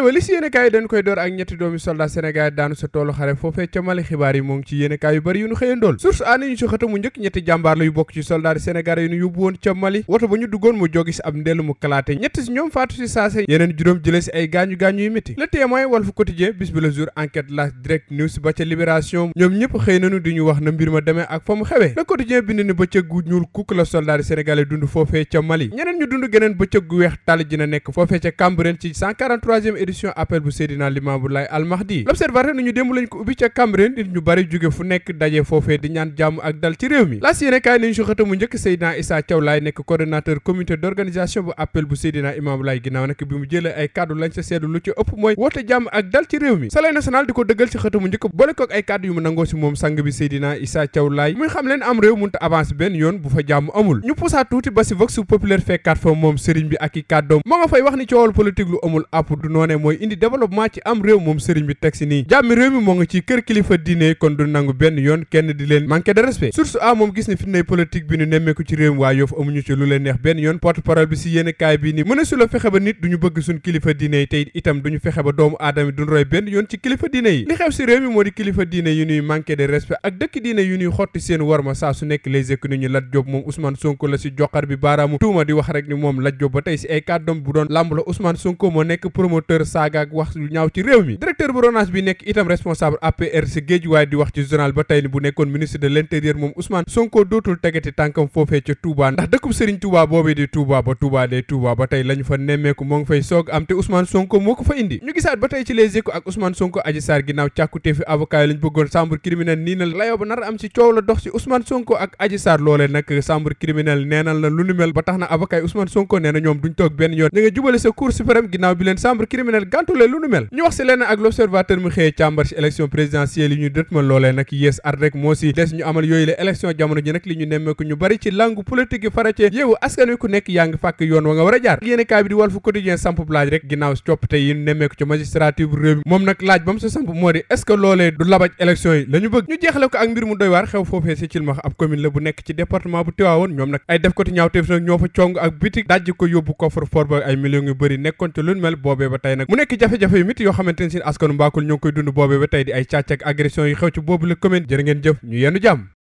aywa li si yéen kaay yi dañ koy door ak ñetti doomi soldat Sénégal daanu sa toolu xare foofee ca Mali xibaar yi moo ci yéen yu bëri yu nu xëyandool source aanañu si xëtamu njëkk ñetti jàmbaar la yu bokk ci soldat Sénégal yi nu yóbbu ca Mali woto ba ñu duggoon mu jogi si ab ndell mu kalaate ñett ñoom faatu si saase yeneen juróom jële si ay gaañu-gaañu yu métti le témoin Walf Quotidien bis bi jour enquête la direct news ba ca libération di ñu wax na mbir ma demee ak fa mu xewee le quotidien bind la soldat Sénégal yi Mali ñeneen ñu dund geneen bëccëg gu weex tàll ji na nekk foofee ca Cambérène reddition appel bu Seydina Limamou Laye Al Mahdi l'observateur nañu démb lañ ko ubbi ca Cambérène nit ñu bari jóge fu nekk daje foofee di ñaan jàmm ak dal ci réew mi laas yéene kaay nañu si xëtamu njëkk Seydina Issa Thiaw nekk coordonnateur comité d'organisation bu appel bu Seydina Limamou Laye ginnaaw nag bi mu jëlee ay kaddu lañ sa seetlu muy xam leen am réew munta avance benn yoon bu fa jàmm amul ñu pousaat tuuti ba si vox mooy indi développement ci am réew moom sëriñ bi teg nii jàmmi réew mi moo ngi ci kër kilifa diine kon du nangu benn yoon kenn di leen manqué de respect source a moom gis ne fitnay politique bi ñu nemmeeku ci réew mi waa Yoff amuñu ci lu leen neex benn yoon porte bi si yéene kaay bi ni mën a su la fexe ba nit duñu bëgg suñ kilifa diine yi tey itam duñu fexe ba doomu aadama duñ roy benn yoon ci kilifa diine yi li xew si réew mi moo di kilifa la si joxar bi baaraamu tuuma di kër saaga ak wax ñaaw ci réew mi directeur bu Ronas bi nekk itam responsable APR si Guédiawaye di wax ci journal ba tey bu nekkoon ministre de l'intérieur moom Ousmane Sonko dootul tegati tànkam foofee ca Touba ndax dëkkub Serigne Touba boobee di Touba ba Touba de Touba ba tey lañu fa nemmeeku moo ngi fay soog am te Ousmane Sonko moo ko fa indi ñu gisaat ba tey ci Les Échos ak Ousmane Sonko Adji Sarr ginnaaw càkkutee fi avocat yi lañ bëggoon chambre criminelle criminel gàntulee lu nu mel ñu nag yées at rek moo si nag li ñu nemmeeku ñu bari ci langue politique yi fara ci yeewu ngi fàkk yoon wa nga war a jaar ba mu nag ay ko fa cong ak bitik dajj ko yóbbu coffre fort ay millions yu bëri nekkoon ci lu mel boobee ba tey nag mu nekk jafe-jafe yu mit yoo xamante ne seen askanu mbaakul ñoo ngi koy dund boobee ba tey di ay càcc ak agression yu xew ci boobu la commune jërë ngeen jëf ñu yendu jàmm